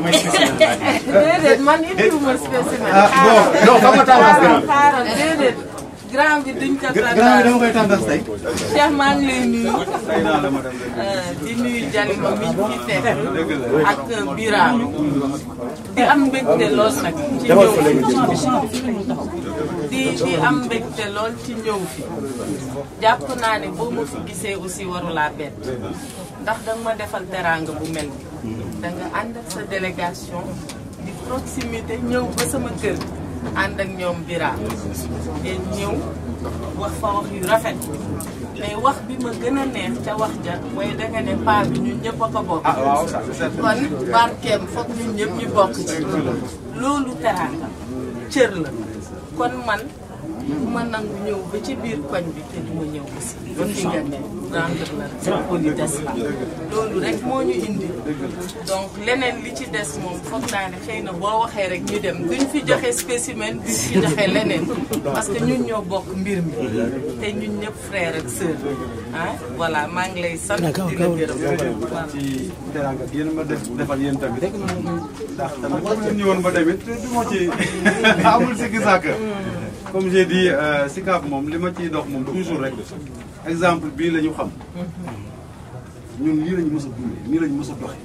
samay spécimen déedéet man indiwuma spécimen ah, bon non xam xaaral déedéet grand bi duñ ko tendance grand bi dama koy tendance tey Cheikh maa ngi lay nuyu euh, di nuyu Jalima mi ñu fekk ak Biram di am mbégte lool nag ci ñëw di di am mbégte lool ci ñëw fi jàpp naa ne boo ma fi gisee aussi warulaa bett ndax danga ma defal teraanga bu mel ni da nga ànd ak sa délégation di proximité ñëw ba sama kër ànd ak ñoom biraa te ñëw wax fa wax yu rafet mais wax bi ma gën a neex ca wax ja mooy danga ne paar bi ñun ñëpp a ko bokk ah, kon barkeem foog ñun ñëpp ñu bokk ci loolu teraanga cër la kon man ma nangu ñëw ba ci biir koñ bi te du ma ñëw aussi. ba fi nga ne rendre la seen politesse la loolu rek moo ñu indi donc leneen ci des moom foog naa na boo waxee rek ñu dem duñ fi joxe spécimen duñ fi joxe leneen que ñun ñoo bokk mbir mi ñëpp frère ak sœur ah, maa ngi lay sant di la gërëm ci defal yéen tamit du ma ci amul si gisaaka comme j'ai dit euh, SICAP moom li ma ciy dox moom toujours rek exemple bii la ñu xam ñun lii lañu mës a dundee nii lañu mës a doxee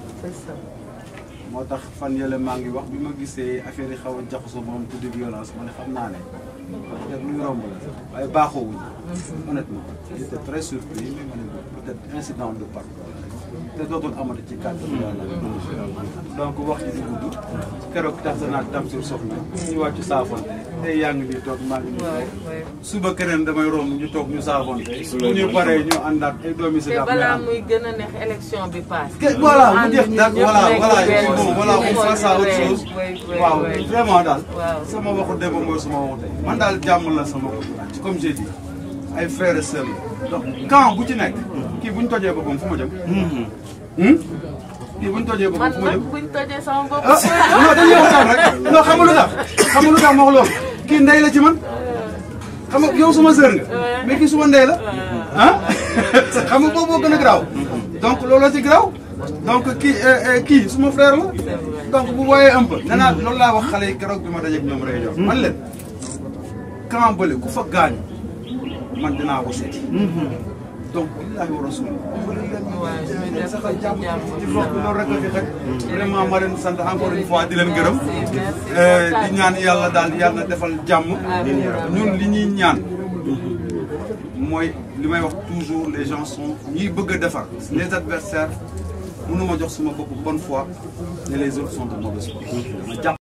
moo tax fan yële maa ngi wax bi ma gisee affaire yi xaw a jaxasoo moom tuddi violence ma ne xam naa ne peut-être romb la waaye baaxoo wuñ honnêtement j'étais très surpris ma ne peut-être incident de parcours amati ci kàddu donc wax ji du gudd keroog tasanaak Tamsir Soxna ñu wàcc saafonte tey yàng ngi nii toog maa nii suba keneen damay romb ñu toog ñu saafonte bu ñu paree ñu àndaat ay doomi si daf balaa muy a neex élection bi paas voilà mu jeex nag voilà voilà bon voilà on fera ça autre chose waaw vraiment daal sama waxu démb mooy sama waxu tey man daal jàmm la sama waxu comme j'ai dit ay frères et sœurs donc camp bu ci nekk kii bu ñu tojee boppam fu ma jëm hmm. Hmm? lii bu ñu tojee boppam fu mu jëm bu ñu tojee sama bopp. Ah, non dañuy waxtaan rek non xam nga lu tax xam nga lu tax ma wax loolu kii ndey la ci man xam nga yow suma sœur nga. mais kii suma ndey la ah xam nga boobu moo gën a garaaw donc looloo ci garaaw donc kii euh, euh, kii suma frère la donc bu wooyee un peu. nee naa loolu laa wax xale yi keroog bi ma dajeeg ñoom rek jox. man leen camp bële ku fa gaañu man dinaa ko seeti. Mhm. donc billaahi wa rasul saxal jàmm ci mbokk loolu rek la fi xaj vraiment ma leen sant encore di leen gërëm euh, di ñaan yàlla daal yàlla defal jàmm ñun li ñuy ñaan mooy li may wax toujours les gens sont ñuy bëgg a defar les adversaires mënuma jox suma bopp bonne foi et les autres sont de mauvaise foi